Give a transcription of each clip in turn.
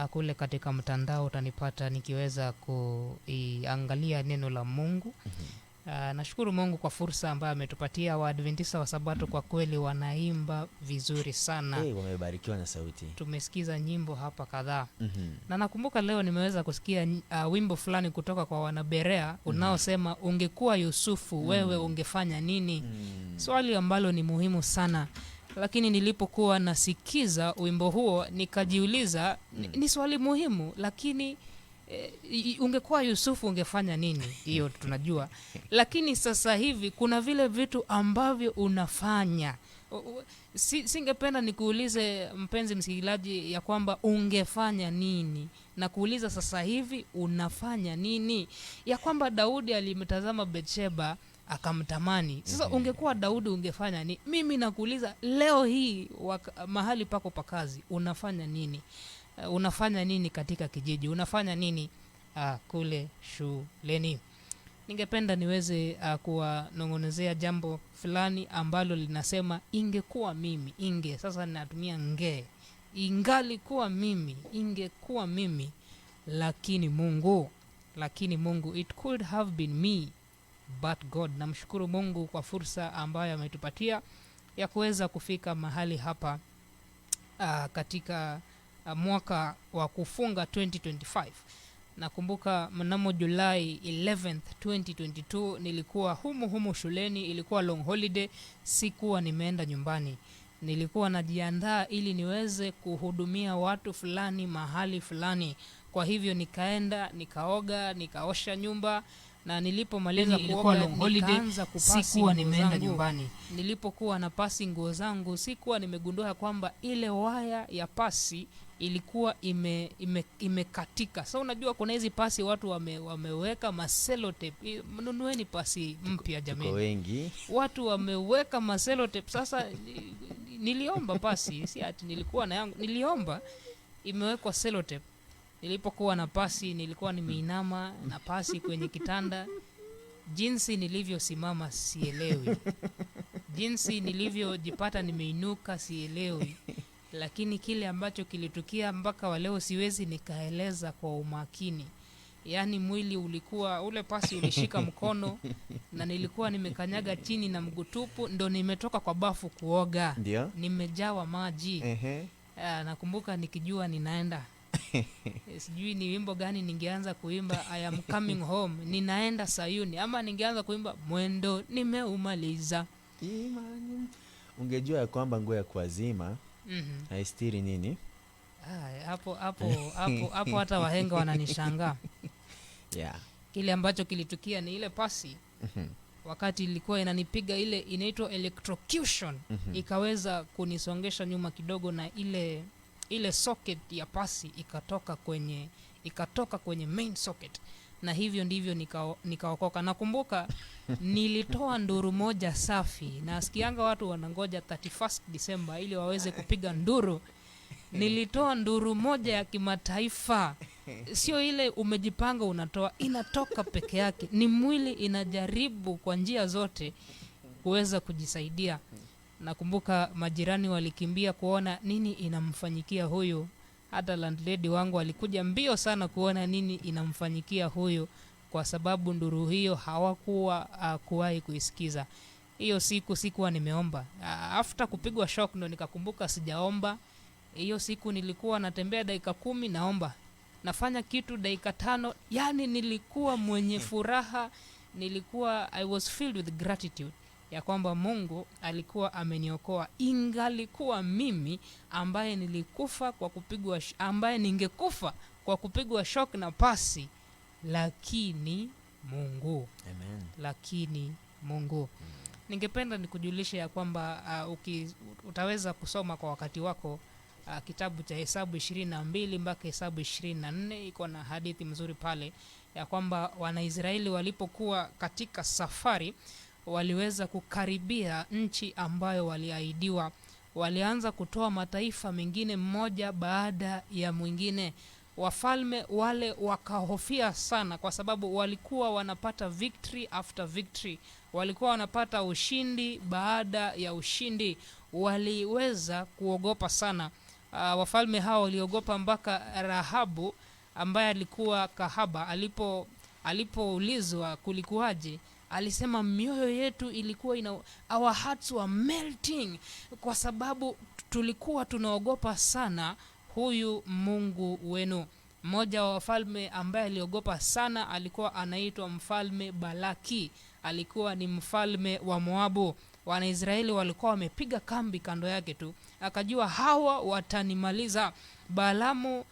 Ah, kule katika mtandao utanipata nikiweza kuiangalia neno la Mungu. mm -hmm. Uh, nashukuru Mungu kwa fursa ambayo ametupatia. waadventisa wa Sabato kwa kweli wanaimba vizuri sana. Hey, wamebarikiwa na sauti. Tumesikiza nyimbo hapa kadhaa. mm -hmm. Na nakumbuka leo nimeweza kusikia uh, wimbo fulani kutoka kwa wanaberea mhm. unaosema, mm -hmm. ungekuwa Yusufu, mm -hmm. wewe ungefanya nini? mm -hmm. Swali ambalo ni muhimu sana lakini nilipokuwa nasikiza wimbo huo nikajiuliza, mm. ni swali muhimu lakini E, ungekuwa Yusufu ungefanya nini? Hiyo tunajua, lakini sasa hivi kuna vile vitu ambavyo unafanya si, singependa nikuulize mpenzi msikilizaji ya kwamba ungefanya nini, na kuuliza sasa hivi unafanya nini, ya kwamba Daudi alimtazama Betsheba akamtamani. Sasa mm -hmm. ungekuwa Daudi ungefanya nini? Mimi nakuuliza leo hii wak, mahali pako pa kazi unafanya nini? Uh, unafanya nini katika kijiji? Unafanya nini uh, kule shuleni? Ningependa niweze uh, kuwanong'onezea jambo fulani ambalo linasema ingekuwa mimi inge. Sasa ninatumia nge, ingalikuwa mimi, ingekuwa mimi, lakini Mungu, lakini Mungu, it could have been me but God. Namshukuru Mungu kwa fursa ambayo ametupatia ya kuweza kufika mahali hapa uh, katika uh, mwaka wa kufunga 2025. Nakumbuka mnamo Julai 11th 2022 nilikuwa humu humu shuleni, ilikuwa long holiday, sikuwa nimeenda nyumbani. Nilikuwa najiandaa ili niweze kuhudumia watu fulani mahali fulani. Kwa hivyo nikaenda, nikaoga, nikaosha nyumba na nilipomaliza kuoga nikaanza kupasi, nimeenda nyumbani. Nilipokuwa na pasi nguo zangu, sikuwa nimegundua kwamba ile waya ya pasi ilikuwa ime, ime, imekatika. Sasa so, unajua kuna hizi pasi watu wame, wameweka maselotape. Mnunueni pasi mpya jamani, wengi watu wameweka maselotape. Sasa niliomba pasi, si ati nilikuwa na yangu, niliomba imewekwa selotape nilipokuwa na pasi nilikuwa nimeinama na pasi kwenye kitanda jinsi nilivyosimama sielewi jinsi nilivyojipata nimeinuka sielewi lakini kile ambacho kilitukia mpaka waleo siwezi nikaeleza kwa umakini yaani mwili ulikuwa ule pasi ulishika mkono na nilikuwa nimekanyaga chini na mguu tupu ndo nimetoka kwa bafu kuoga nimejawa maji uh nakumbuka nikijua ninaenda Eh, sijui ni wimbo gani ningeanza kuimba I am coming home, ninaenda Sayuni, ama ningeanza kuimba mwendo nimeumaliza. Ungejua ya kwamba nguo ya kuazima mm -hmm. nini? Ah, hapo hapo hapo hapo, hata wahenga wananishangaa yeah. Kile ambacho kilitukia ni ile pasi mm -hmm wakati ilikuwa inanipiga ile inaitwa electrocution, mm -hmm. ikaweza kunisongesha nyuma kidogo na ile ile socket ya pasi ikatoka kwenye ikatoka kwenye main socket, na hivyo ndivyo nikaokoka. Nika nakumbuka nilitoa nduru moja safi, na sikianga watu wanangoja 31 december ili waweze kupiga nduru. Nilitoa nduru moja ya kimataifa, sio ile umejipanga unatoa, inatoka peke yake. Ni mwili inajaribu kwa njia zote kuweza kujisaidia. Nakumbuka majirani walikimbia kuona nini inamfanyikia huyu. Hata landlady wangu alikuja mbio sana kuona nini inamfanyikia huyu, kwa sababu nduru hiyo hawakuwa uh, kuwahi kuisikiza. Hiyo siku sikuwa nimeomba. Uh, ah, afta kupigwa shok ndo nikakumbuka sijaomba. Hiyo siku nilikuwa natembea dakika kumi naomba, nafanya kitu dakika tano. Yani nilikuwa mwenye furaha, nilikuwa I was filled with gratitude ya kwamba Mungu alikuwa ameniokoa, ingalikuwa mimi ambaye nilikufa kwa kupigwa, ambaye ningekufa kwa kupigwa shock na pasi, lakini Mungu Amen. Lakini Mungu hmm. Ningependa nikujulishe ya kwamba uh, uki, utaweza kusoma kwa wakati wako uh, kitabu cha Hesabu ishirini na mbili mpaka Hesabu ishirini na nne iko na hadithi mzuri pale ya kwamba Wanaisraeli walipokuwa katika safari waliweza kukaribia nchi ambayo waliahidiwa. Walianza kutoa mataifa mengine mmoja baada ya mwingine. Wafalme wale wakahofia sana, kwa sababu walikuwa wanapata victory after victory, walikuwa wanapata ushindi baada ya ushindi. Waliweza kuogopa sana. Uh, wafalme hao waliogopa mpaka Rahabu ambaye alikuwa kahaba alipo alipoulizwa kulikuwaje Alisema mioyo yetu ilikuwa ina, our hearts were melting, kwa sababu tulikuwa tunaogopa sana huyu Mungu wenu. Mmoja wa wafalme ambaye aliogopa sana alikuwa anaitwa mfalme Balaki, alikuwa ni mfalme wa Moabu. Wanaisraeli walikuwa wamepiga kambi kando yake tu, akajua hawa watanimaliza. balamu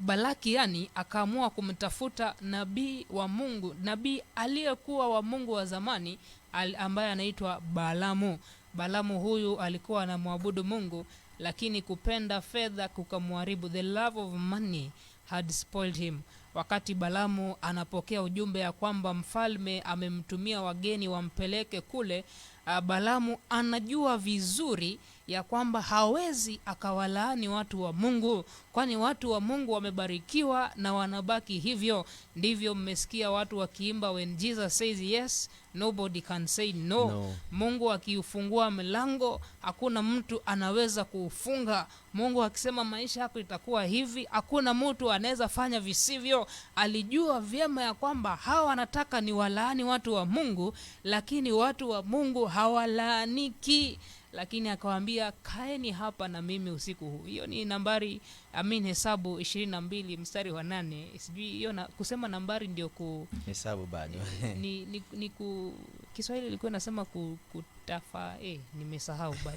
Balaki yani akaamua kumtafuta nabii wa Mungu, nabii aliyekuwa wa Mungu wa zamani al, ambaye anaitwa balamu balamu huyu alikuwa anamwabudu Mungu, lakini kupenda fedha kukamwharibu. The love of money had spoiled him. Wakati balamu anapokea ujumbe ya kwamba mfalme amemtumia wageni wampeleke kule, uh, balamu anajua vizuri ya kwamba hawezi akawalaani watu wa Mungu, kwani watu wa Mungu wamebarikiwa na wanabaki hivyo. Ndivyo mmesikia watu wakiimba when Jesus says yes nobody can say no, no. Mungu akiufungua mlango hakuna mtu anaweza kuufunga. Mungu akisema maisha yako itakuwa hivi, hakuna mtu anaweza fanya visivyo. Alijua vyema ya kwamba hawa wanataka ni walaani watu wa Mungu, lakini watu wa Mungu hawalaaniki lakini akawaambia kaeni hapa na mimi usiku huu. Hiyo ni nambari amin, Hesabu ishirini na mbili mstari wa nane. Sijui hiyo na, kusema nambari ndio ku hesabu bado ni, ni, ni ku Kiswahili ilikuwa inasema ku, kutafa eh, nimesahau but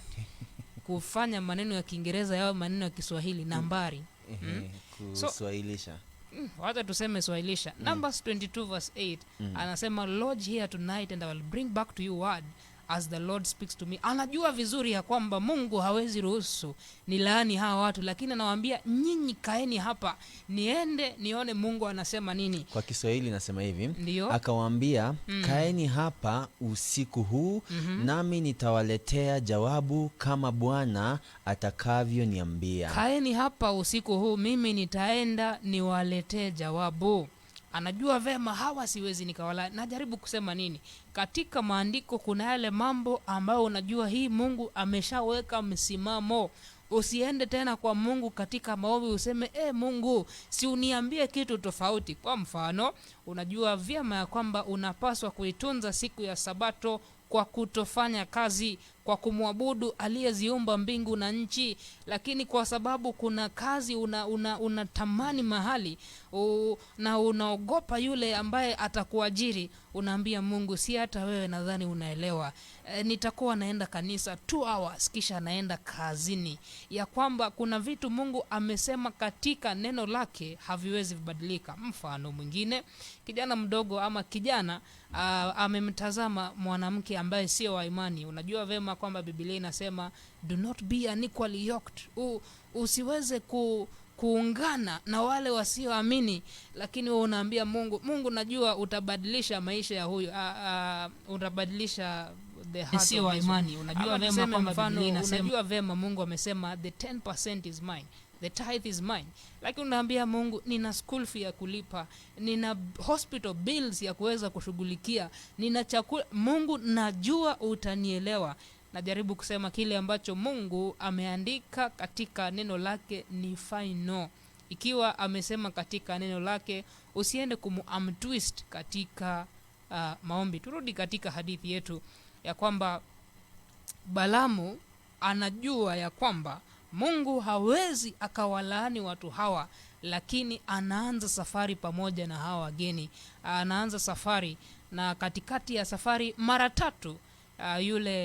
kufanya maneno ya Kiingereza yao maneno ya Kiswahili nambari mm. kuswahilisha Mm, wacha tuseme swahilisha. Hmm. Numbers 22 verse 8 mm. anasema lodge here tonight and I will bring back to you word as the Lord speaks to me. Anajua vizuri ya kwamba Mungu hawezi ruhusu laani hawa watu, lakini anawaambia nyinyi, kaeni hapa niende nione Mungu anasema nini. Kwa Kiswahili nasema hivi, ndio akawaambia mm. kaeni hapa usiku huu mm -hmm. nami nitawaletea jawabu kama Bwana atakavyoniambia. Kaeni hapa usiku huu, mimi nitaenda niwaletee jawabu anajua vema hawa siwezi nikawala. Najaribu kusema nini? Katika maandiko kuna yale mambo ambayo unajua hii Mungu ameshaweka msimamo. Usiende tena kwa Mungu katika maombi useme e, Mungu si uniambie kitu tofauti. Kwa mfano, unajua vyema ya kwamba unapaswa kuitunza siku ya Sabato kwa kutofanya kazi, kwa kumwabudu aliyeziumba mbingu na nchi, lakini kwa sababu kuna kazi unatamani una, una mahali u, na unaogopa yule ambaye atakuajiri, unaambia Mungu, si hata wewe nadhani unaelewa e, nitakuwa naenda kanisa two hours kisha naenda kazini, ya kwamba kuna vitu Mungu amesema katika neno lake haviwezi vibadilika. Mfano mwingine, kijana mdogo ama kijana ah, amemtazama mwanamke ambaye sio waimani unajua vema tunasema kwamba Biblia inasema do not be unequally yoked, U, usiweze ku, kuungana na wale wasioamini, lakini wewe unaambia Mungu, Mungu najua utabadilisha maisha ya huyu a, a, utabadilisha the heart sio imani. Unajua vema kwamba mfano, unajua vema Mungu amesema the 10% is mine the tithe is mine, lakini unaambia Mungu, nina school fee ya kulipa, nina hospital bills ya kuweza kushughulikia, nina chakula. Mungu, najua utanielewa najaribu kusema kile ambacho mungu ameandika katika neno lake ni final ikiwa amesema katika neno lake usiende kumuamtwist katika uh, maombi turudi katika hadithi yetu ya kwamba balamu anajua ya kwamba mungu hawezi akawalaani watu hawa lakini anaanza safari pamoja na hawa wageni anaanza safari na katikati ya safari mara tatu uh, yule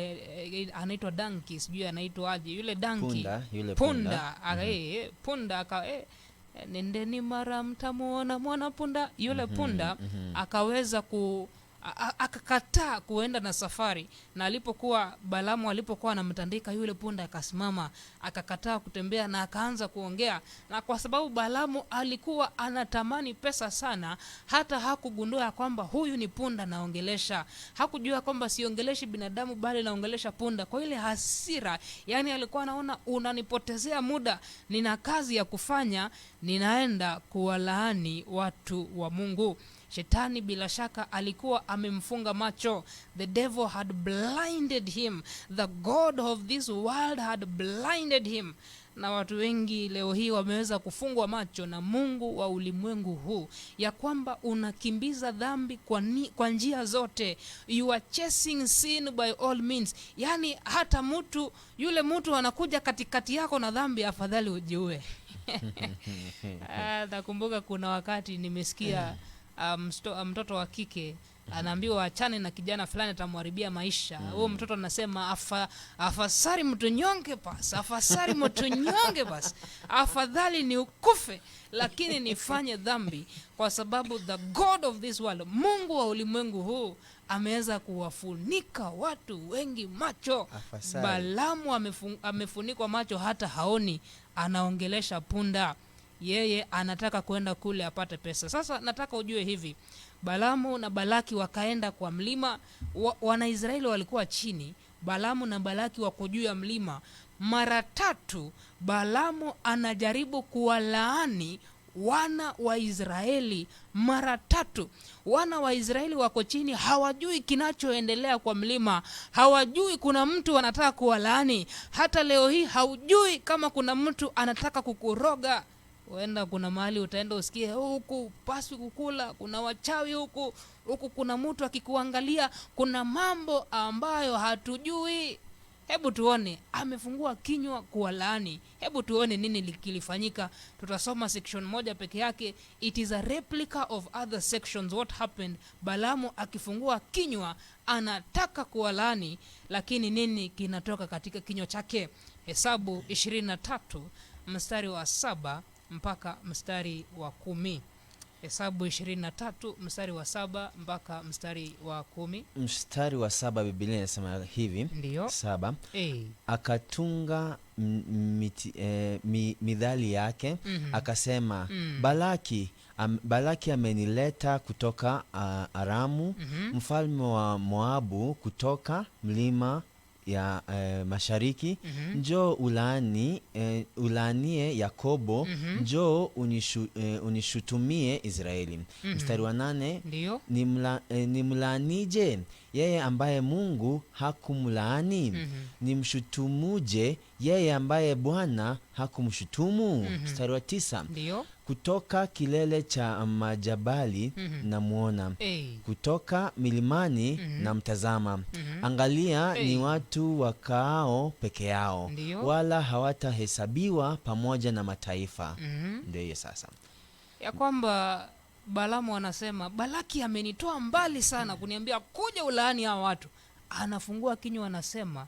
uh, anaitwa Danki sijui anaitwaje yule Danki punda, yule punda, punda. Mm-hmm. punda aka eh, nendeni mara mtamuona mwana punda yule mm -hmm, punda mm -hmm. akaweza ku akakataa kuenda na safari, na alipokuwa Balamu alipokuwa anamtandika yule punda, akasimama akakataa kutembea na akaanza kuongea. Na kwa sababu Balamu alikuwa anatamani pesa sana, hata hakugundua ya kwamba huyu ni punda naongelesha, hakujua kwamba siongeleshi binadamu, bali naongelesha punda. Kwa ile hasira, yani alikuwa anaona unanipotezea muda, nina kazi ya kufanya, ninaenda kuwalaani watu wa Mungu. Shetani bila shaka alikuwa amemfunga macho. The devil had blinded him, the god of this world had blinded him. Na watu wengi leo hii wameweza kufungwa macho na Mungu wa ulimwengu huu, ya kwamba unakimbiza dhambi kwa, ni, kwa njia zote, you are chasing sin by all means. Yani hata mtu yule mtu anakuja katikati yako na dhambi, afadhali ujiue. Ah, nakumbuka kuna wakati nimesikia mm. Um, um, mtoto um, wa kike anaambiwa achane na kijana fulani atamharibia maisha. Mm. Huyo mm. mtoto anasema afa, afasari mtu nyonge basi, afasari mtu nyonge basi, afadhali ni ukufe lakini nifanye dhambi, kwa sababu the god of this world, Mungu wa ulimwengu huu ameweza kuwafunika watu wengi macho. Afasari. Balamu amefunikwa macho hata haoni, anaongelesha punda yeye anataka kwenda kule apate pesa. Sasa nataka ujue hivi, Balamu na Balaki wakaenda kwa mlima wa, Wanaisraeli walikuwa chini, Balamu na Balaki wako juu ya mlima. Mara tatu Balamu anajaribu kuwalaani wana wa Israeli mara tatu. Wana wa Israeli wako chini, hawajui kinachoendelea kwa mlima, hawajui kuna mtu anataka kuwalaani. Hata leo hii haujui kama kuna mtu anataka kukuroga Huenda kuna mahali utaenda usikie oh, huku pasi kukula, kuna wachawi huku, huku kuna mtu akikuangalia, kuna mambo ambayo hatujui. Hebu tuone, amefungua kinywa laani Hebu tuone nini kilifanyika. Tutasoma section moja peke yake, it is a replica of other sections what happened. Balamu akifungua kinywa anataka laani lakini nini kinatoka katika kinywa chake? Hesabu 23 mstari wa saba mpaka mstari wa kumi. Hesabu ishirini na tatu mstari wa saba mpaka mstari wa kumi. Mstari wa saba Biblia inasema hivi, ndio saba Hey. Akatunga miti, e, mi, midhali yake mm -hmm. Akasema mm. -hmm. Balaki am, Balaki amenileta kutoka uh, Aramu mm -hmm. mfalme wa Moabu kutoka mlima ya eh, mashariki mm -hmm. Njoo ulaani eh, ulaanie Yakobo mm -hmm. Njoo unishu, eh, unishutumie Israeli mm -hmm. Mstari wa nane nimla, eh, nimlaanije yeye ambaye Mungu hakumlaani? mm -hmm. Nimshutumuje yeye ambaye Bwana hakumshutumu? mm -hmm. Mstari wa tisa Ndiyo kutoka kilele cha majabali mm -hmm. namwona hey. kutoka milimani mm -hmm. mtazama mm -hmm. angalia hey. ni watu wakaao peke yao Ndiyo. wala hawatahesabiwa pamoja na mataifa mm -hmm. ndio hiyo sasa ya kwamba Balamu anasema Balaki amenitoa mbali sana kuniambia kuja ulaani hawa watu anafungua kinywa anasema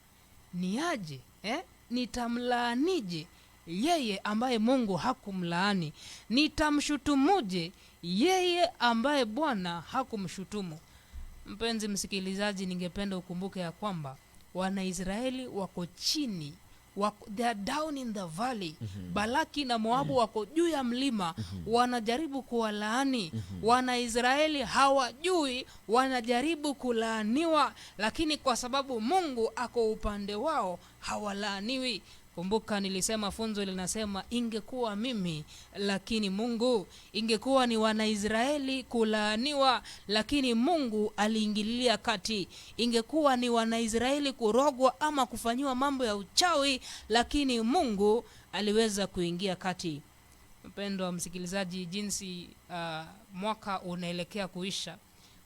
niaje eh? nitamlaanije yeye ambaye Mungu hakumlaani? Nitamshutumuje yeye ambaye Bwana hakumshutumu? Mpenzi msikilizaji, ningependa ukumbuke ya kwamba Wanaisraeli wako chini wako, they are down in the valley mm -hmm. Balaki na Moabu mm -hmm. wako juu ya mlima mm -hmm. wanajaribu kuwalaani mm -hmm. Wanaisraeli hawajui wanajaribu kulaaniwa, lakini kwa sababu Mungu ako upande wao hawalaaniwi. Kumbuka nilisema funzo linasema ingekuwa mimi lakini Mungu, ingekuwa ni Wanaisraeli kulaaniwa lakini Mungu aliingilia kati, ingekuwa ni Wanaisraeli kurogwa ama kufanyiwa mambo ya uchawi lakini Mungu aliweza kuingia kati. Mpendwa msikilizaji, jinsi uh, mwaka unaelekea kuisha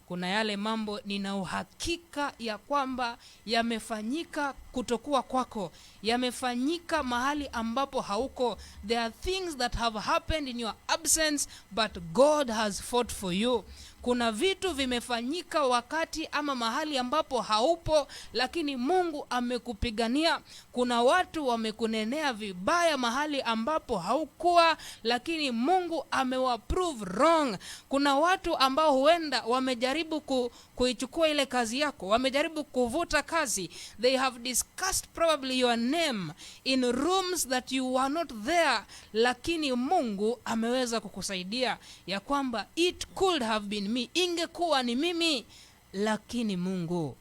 kuna yale mambo nina uhakika ya kwamba yamefanyika kutokuwa kwako, yamefanyika mahali ambapo hauko. There are things that have happened in your absence but God has fought for you. Kuna vitu vimefanyika wakati ama mahali ambapo haupo, lakini Mungu amekupigania. Kuna watu wamekunenea vibaya mahali ambapo haukuwa, lakini Mungu amewaprove wrong. Kuna watu ambao huenda wamejaribu ku, kuichukua ile kazi yako, wamejaribu kuvuta kazi. They have discussed probably your name in rooms that you were not there, lakini Mungu ameweza kukusaidia ya kwamba it could have been mi, ingekuwa ni mimi, lakini Mungu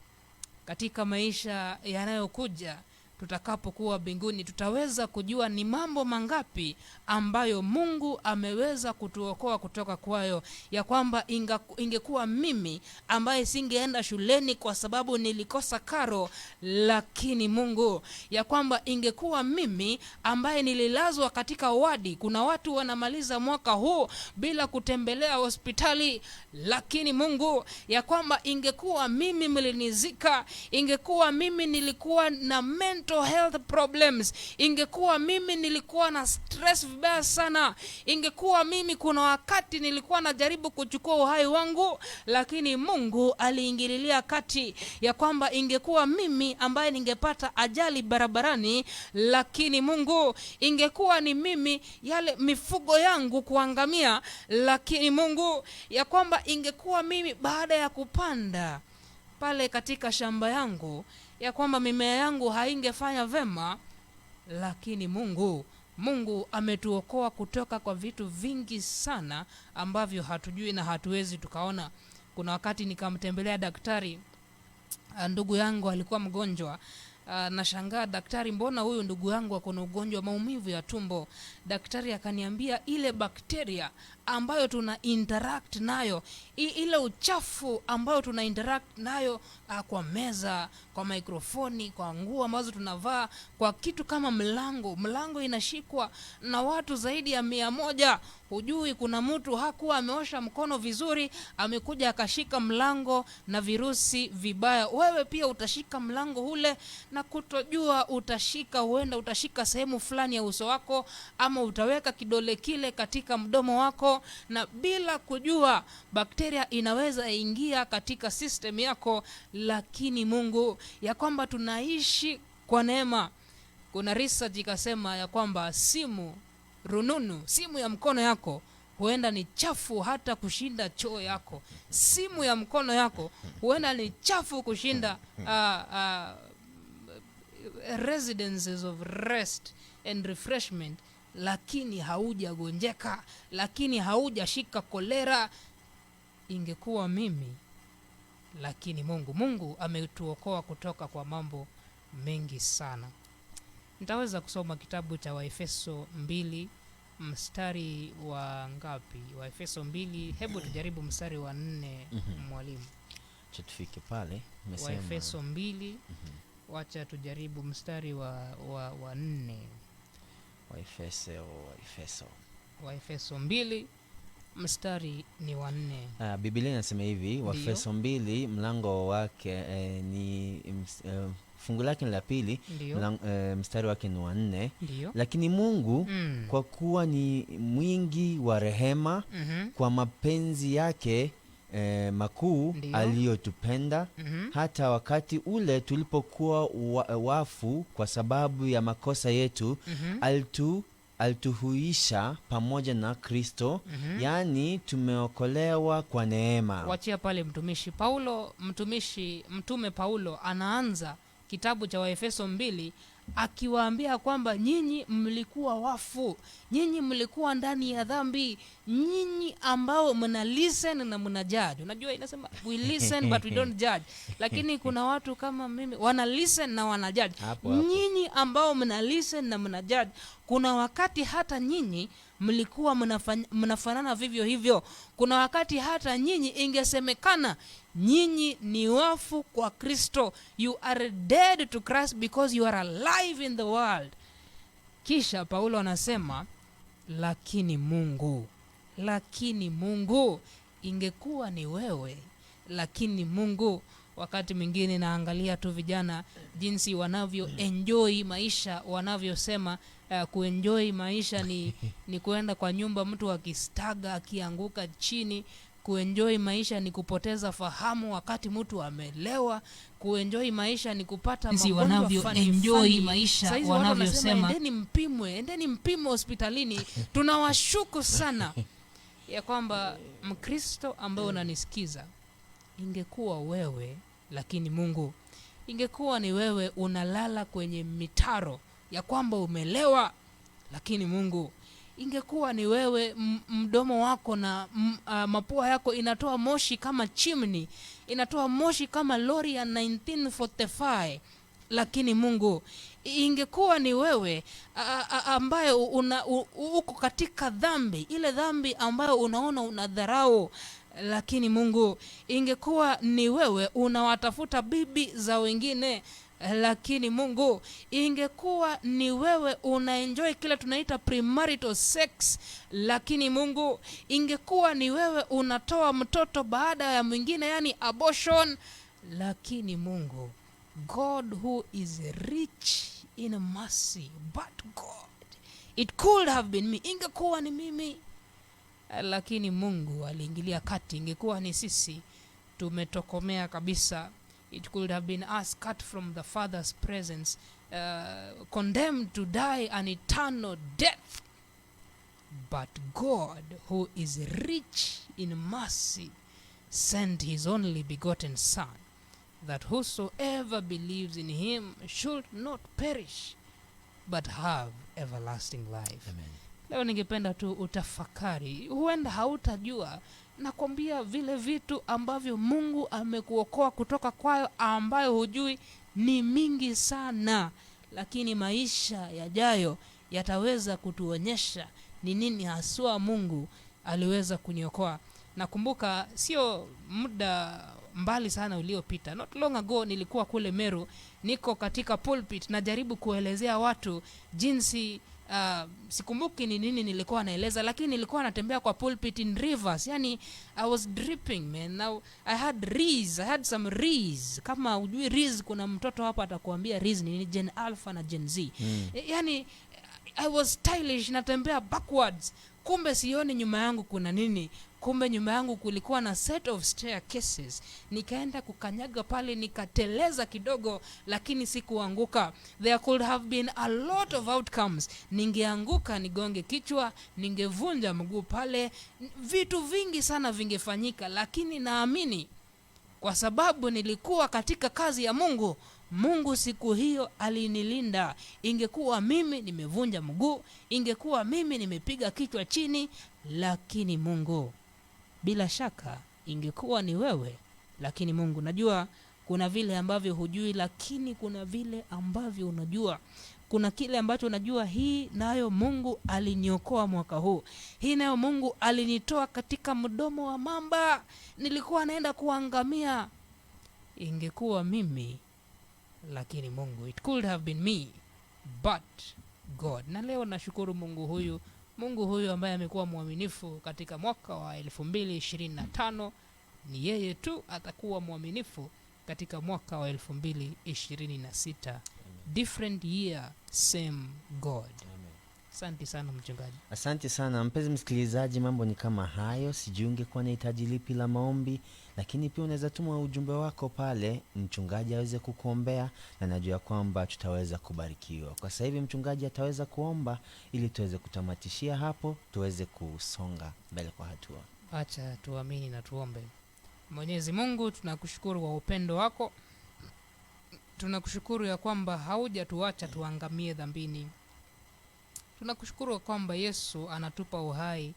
katika maisha yanayokuja tutakapokuwa mbinguni tutaweza kujua ni mambo mangapi ambayo Mungu ameweza kutuokoa kutoka kwayo, ya kwamba inga, ingekuwa mimi ambaye singeenda shuleni kwa sababu nilikosa karo, lakini Mungu, ya kwamba ingekuwa mimi ambaye nililazwa katika wadi. Kuna watu wanamaliza mwaka huu bila kutembelea hospitali, lakini Mungu, ya kwamba ingekuwa mimi mlinizika, ingekuwa mimi nilikuwa na men mental health problems. Ingekuwa mimi nilikuwa na stress vibaya sana, ingekuwa mimi kuna wakati nilikuwa najaribu kuchukua uhai wangu, lakini Mungu aliingililia kati, ya kwamba ingekuwa mimi ambaye ningepata ajali barabarani, lakini Mungu, ingekuwa ni mimi yale mifugo yangu kuangamia, lakini Mungu, ya kwamba ingekuwa mimi baada ya kupanda pale katika shamba yangu ya kwamba mimea yangu haingefanya vema, lakini Mungu Mungu ametuokoa kutoka kwa vitu vingi sana ambavyo hatujui na hatuwezi tukaona. Kuna wakati nikamtembelea daktari, ah, ndugu yangu alikuwa mgonjwa. Uh, nashangaa daktari, mbona huyu ndugu yangu ako na ugonjwa maumivu ya tumbo? Daktari akaniambia ile bakteria ambayo tuna interact nayo I, ile uchafu ambayo tuna interact nayo uh, kwa meza, kwa mikrofoni, kwa nguo ambazo tunavaa, kwa kitu kama mlango. Mlango inashikwa na watu zaidi ya mia moja. Hujui kuna mtu hakuwa ameosha mkono vizuri, amekuja akashika mlango na virusi vibaya. Wewe pia utashika mlango ule na kutojua utashika, huenda utashika sehemu fulani ya uso wako, ama utaweka kidole kile katika mdomo wako na bila kujua bakteria inaweza ingia katika system yako, lakini Mungu ya kwamba tunaishi kwa neema. Kuna research ikasema ya kwamba simu rununu, simu ya mkono yako huenda ni chafu hata kushinda choo yako. Simu ya mkono yako huenda ni chafu kushinda uh, uh, residences of rest and refreshment lakini haujagonjeka, lakini haujashika kolera. Ingekuwa mimi, lakini Mungu, Mungu ametuokoa kutoka kwa mambo mengi sana. Nitaweza kusoma kitabu cha Waefeso mbili mstari wa ngapi? Waefeso mbili, hebu tujaribu mstari wa nne. Mhm. Mwalimu, acha tufike pale. Waefeso mbili, mhm. wacha tujaribu mstari wa, wa, wa nne. Waefeso, Waefeso, Waefeso mbili mstari ni wa nne. Ah, Biblia inasema hivi Waefeso mbili mlango wake eh, ni ms, eh, fungu lake ni la pili e, mstari wake ni wa nne. Lakini Mungu mm. kwa kuwa ni mwingi wa rehema mm -hmm. kwa mapenzi yake eh, makuu aliyotupenda mm -hmm. hata wakati ule tulipokuwa wa, eh, wafu kwa sababu ya makosa yetu mm -hmm. altu alituhuisha pamoja na Kristo mm -hmm. Yaani tumeokolewa kwa neema. Wachia pale mtumishi Paulo, mtumishi mtume Paulo anaanza kitabu cha Waefeso mbili akiwaambia kwamba nyinyi mlikuwa wafu, nyinyi mlikuwa ndani ya dhambi, nyinyi ambao mna listen na mna judge. Unajua inasema we listen but we don't judge, lakini kuna watu kama mimi wana listen na wana judge. Nyinyi ambao mna listen na mna judge, kuna wakati hata nyinyi mlikuwa mnafanana vivyo hivyo. Kuna wakati hata nyinyi ingesemekana nyinyi ni wafu kwa Kristo, you are dead to Christ because you are alive in the world. Kisha Paulo anasema lakini Mungu, lakini Mungu, ingekuwa ni wewe, lakini Mungu wakati mwingine naangalia tu vijana jinsi wanavyo enjoy maisha wanavyosema uh, kuenjoy maisha ni, ni kuenda kwa nyumba mtu akistaga akianguka chini kuenjoy maisha ni kupoteza fahamu wakati mtu amelewa kuenjoy maisha ni kupata wanavyoenjoy maisha wanavyosema endeni mpimwe endeni mpimwe hospitalini tunawashuku sana ya kwamba mkristo ambaye unanisikiza ingekuwa wewe, lakini Mungu, ingekuwa ni wewe unalala kwenye mitaro ya kwamba umelewa, lakini Mungu, ingekuwa ni wewe mdomo wako na uh, mapua yako inatoa moshi kama chimni, inatoa moshi kama lori ya 1945 lakini Mungu, ingekuwa ni wewe a, a, ambayo una, u, uko katika dhambi, ile dhambi ambayo unaona unadharau lakini Mungu, ingekuwa ni wewe unawatafuta bibi za wengine lakini Mungu, ingekuwa ni wewe unaenjoy kile tunaita premarital sex. Lakini Mungu, ingekuwa ni wewe unatoa mtoto baada ya mwingine, yani abortion. Lakini Mungu, God who is rich in mercy, but God, it could have been me, ingekuwa ni mimi lakini Mungu aliingilia kati. Ingekuwa ni sisi tumetokomea kabisa, it could have been us cut from the father's presence uh, condemned to die an eternal death but God who is rich in mercy sent his only begotten son that whosoever believes in him should not perish but have everlasting life Amen. Leo ningependa tu utafakari, huenda hautajua nakwambia vile vitu ambavyo Mungu amekuokoa kutoka kwayo ambayo hujui ni mingi sana, lakini maisha yajayo yataweza kutuonyesha ni nini haswa Mungu aliweza kuniokoa. Nakumbuka sio muda mbali sana uliopita, not long ago, nilikuwa kule Meru, niko katika pulpit najaribu kuelezea watu jinsi Uh, sikumbuki ni nini nilikuwa naeleza, lakini nilikuwa natembea kwa pulpit in rivers. Yani I was dripping man. Now I had rees, I had some rees. Kama ujui rees, kuna mtoto hapa atakuambia rees ni Gen Alpha na Gen Z mm. Yani I was stylish, natembea backwards, kumbe sioni nyuma yangu kuna nini. Kumbe nyuma yangu kulikuwa na set of staircases. Nikaenda kukanyaga pale, nikateleza kidogo, lakini sikuanguka. There could have been a lot of outcomes. Ningeanguka, nigonge kichwa, ningevunja mguu pale, vitu vingi sana vingefanyika, lakini naamini kwa sababu nilikuwa katika kazi ya Mungu. Mungu siku hiyo alinilinda. Ingekuwa mimi nimevunja mguu, ingekuwa mimi nimepiga kichwa chini, lakini Mungu bila shaka ingekuwa ni wewe, lakini Mungu, najua kuna vile ambavyo hujui, lakini kuna vile ambavyo unajua. Kuna kile ambacho unajua, hii nayo Mungu aliniokoa mwaka huu, hii nayo Mungu alinitoa katika mdomo wa mamba, nilikuwa naenda kuangamia. Ingekuwa mimi, lakini Mungu, it could have been me but God. Na leo nashukuru Mungu huyu Mungu huyu ambaye amekuwa mwaminifu katika mwaka wa 2025 ni yeye tu atakuwa mwaminifu katika mwaka wa 2026. Different year same God. Asante sana mchungaji. Asante sana mpenzi msikilizaji, mambo ni kama hayo. sijiunge kwa nahitaji lipi la maombi, lakini pia unaweza tuma ujumbe wako pale, mchungaji aweze kukuombea, na najua kwamba tutaweza kubarikiwa. Kwa sasa hivi mchungaji ataweza kuomba ili tuweze kutamatishia hapo, tuweze kusonga mbele kwa hatua. Acha tuamini na tuombe. Mwenyezi Mungu, tunakushukuru kwa upendo wako, tunakushukuru ya kwamba haujatuacha tuangamie dhambini tunakushukuru kwamba Yesu anatupa uhai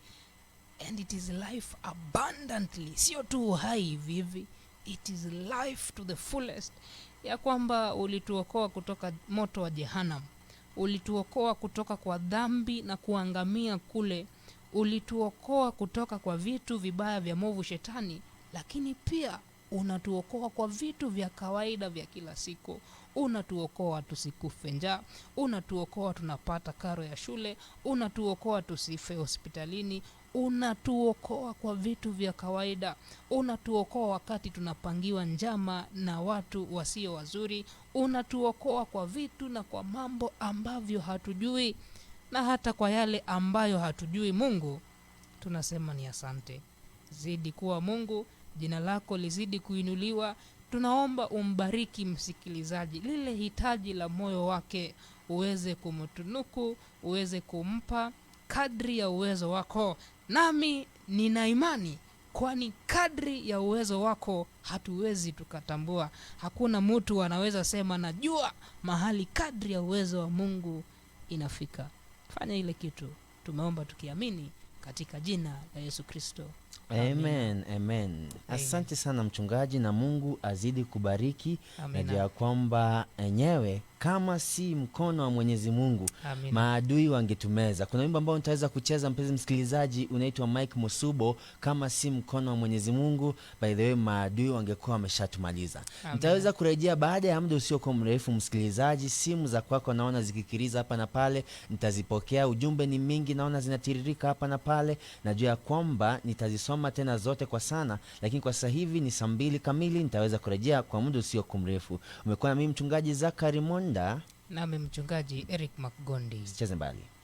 and it is life abundantly, sio tu uhai hivi it is life to the fullest, ya kwamba ulituokoa kutoka moto wa Jehanam, ulituokoa kutoka kwa dhambi na kuangamia kule, ulituokoa kutoka kwa vitu vibaya vya movu Shetani, lakini pia unatuokoa kwa vitu vya kawaida vya kila siku, unatuokoa tusikufe njaa, unatuokoa tunapata karo ya shule, unatuokoa tusife hospitalini, unatuokoa kwa vitu vya kawaida, unatuokoa wakati tunapangiwa njama na watu wasio wazuri, unatuokoa kwa vitu na kwa mambo ambavyo hatujui, na hata kwa yale ambayo hatujui. Mungu tunasema ni asante. Zidi kuwa Mungu jina lako lizidi kuinuliwa. Tunaomba umbariki msikilizaji, lile hitaji la moyo wake uweze kumtunuku, uweze kumpa kadri ya uwezo wako, nami nina imani kwani kadri ya uwezo wako hatuwezi tukatambua. Hakuna mtu anaweza sema najua mahali, kadri ya uwezo wa Mungu inafika. Fanya ile kitu tumeomba tukiamini, katika jina la Yesu Kristo. Amen, amen. Asante sana mchungaji, na Mungu azidi kubariki. Najua ya kwamba enyewe kama si mkono wa Mwenyezi Mungu Amina. maadui wangetumeza. Kuna wimbo ambao nitaweza kucheza mpenzi msikilizaji, unaitwa Mike Musubo, kama si mkono wa Mwenyezi Mungu. By the way, maadui wangekuwa wameshatumaliza. Nitaweza kurejea baada ya muda usiokuwa mrefu. Msikilizaji, simu za kwako naona zikikiriza hapa na pale, nitazipokea. Ujumbe ni mingi, naona zinatiririka hapa na pale, najua ya kwamba nitazis kusoma tena zote kwa sana, lakini kwa sasa hivi ni saa mbili kamili, nitaweza kurejea kwa muda usio mrefu. Umekuwa na mimi mchungaji Zakari Monda nami mchungaji Eric Mcgondi. Sicheze mbali.